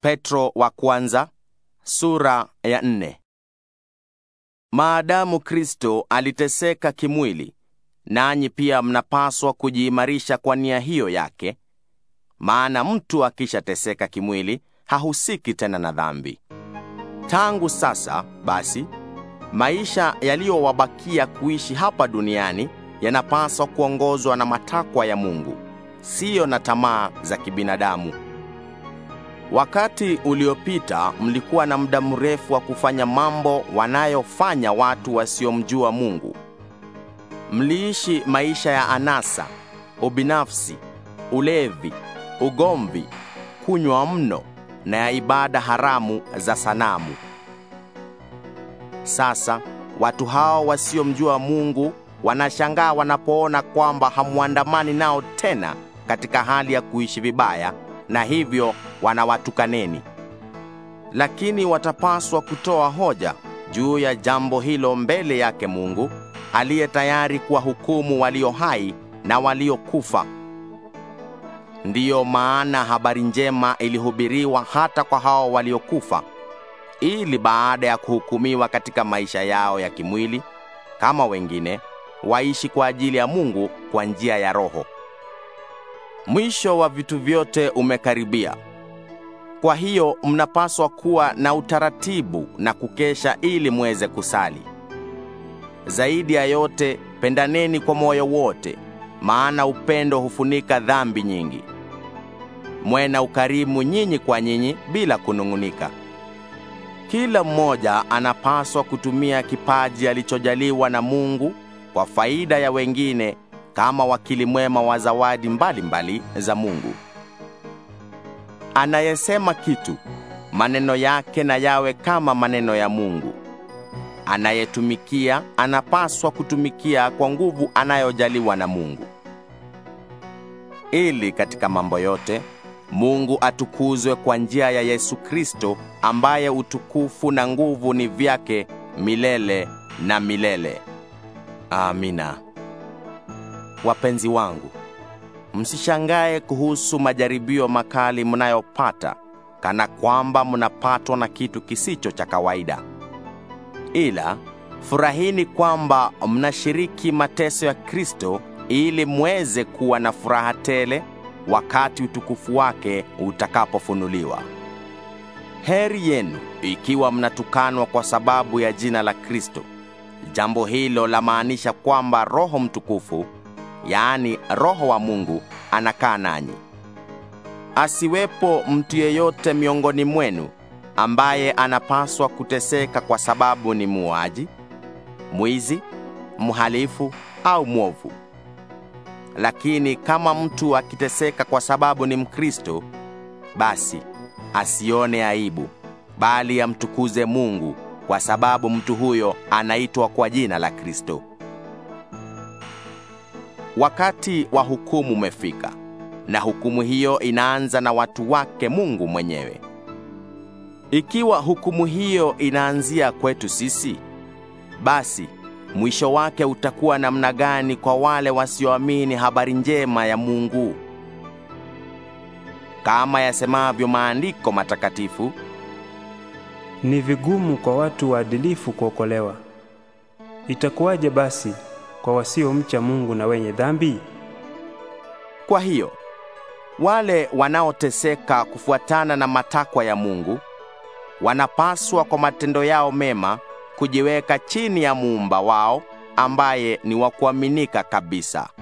Petro wa kwanza sura ya nne. Maadamu Kristo aliteseka kimwili, nanyi pia mnapaswa kujiimarisha kwa nia hiyo yake, maana mtu akishateseka kimwili hahusiki tena na dhambi. Tangu sasa basi, maisha yaliyowabakia kuishi hapa duniani yanapaswa kuongozwa na matakwa ya Mungu, siyo na tamaa za kibinadamu. Wakati uliopita mlikuwa na muda mrefu wa kufanya mambo wanayofanya watu wasiomjua Mungu. Mliishi maisha ya anasa, ubinafsi, ulevi, ugomvi, kunywa mno na ya ibada haramu za sanamu. Sasa watu hao wasiomjua Mungu wanashangaa wanapoona kwamba hamwandamani nao tena katika hali ya kuishi vibaya na hivyo wanawatukaneni. Lakini watapaswa kutoa hoja juu ya jambo hilo mbele yake Mungu aliye tayari kuwahukumu walio hai na waliokufa. Ndiyo maana habari njema ilihubiriwa hata kwa hao waliokufa, ili baada ya kuhukumiwa katika maisha yao ya kimwili, kama wengine, waishi kwa ajili ya Mungu kwa njia ya Roho mwisho wa vitu vyote umekaribia. Kwa hiyo mnapaswa kuwa na utaratibu na kukesha ili muweze kusali. Zaidi ya yote, pendaneni kwa moyo wote, maana upendo hufunika dhambi nyingi. Mwe na ukarimu nyinyi kwa nyinyi bila kunung'unika. Kila mmoja anapaswa kutumia kipaji alichojaliwa na Mungu kwa faida ya wengine kama wakili mwema wa zawadi mbalimbali mbali za Mungu. Anayesema kitu, maneno yake na yawe kama maneno ya Mungu. Anayetumikia anapaswa kutumikia kwa nguvu anayojaliwa na Mungu, ili katika mambo yote Mungu atukuzwe kwa njia ya Yesu Kristo, ambaye utukufu na nguvu ni vyake milele na milele. Amina. Wapenzi wangu, msishangae kuhusu majaribio makali mnayopata, kana kwamba mnapatwa na kitu kisicho cha kawaida, ila furahini kwamba mnashiriki mateso ya Kristo ili mweze kuwa na furaha tele wakati utukufu wake utakapofunuliwa. Heri yenu ikiwa mnatukanwa kwa sababu ya jina la Kristo. Jambo hilo lamaanisha kwamba Roho Mtukufu yaani Roho wa Mungu, anakaa nanyi. Asiwepo mtu yeyote miongoni mwenu ambaye anapaswa kuteseka kwa sababu ni muuaji, mwizi, mhalifu au mwovu. Lakini kama mtu akiteseka kwa sababu ni Mkristo, basi asione aibu, bali amtukuze Mungu kwa sababu mtu huyo anaitwa kwa jina la Kristo. Wakati wa hukumu umefika, na hukumu hiyo inaanza na watu wake Mungu mwenyewe. Ikiwa hukumu hiyo inaanzia kwetu sisi, basi mwisho wake utakuwa namna gani kwa wale wasioamini habari njema ya Mungu? Kama yasemavyo maandiko matakatifu, ni vigumu kwa watu waadilifu kuokolewa. Itakuwaje basi kwa wasiomcha Mungu na wenye dhambi? Kwa hiyo wale wanaoteseka kufuatana na matakwa ya Mungu wanapaswa kwa matendo yao mema kujiweka chini ya muumba wao ambaye ni wa kuaminika kabisa.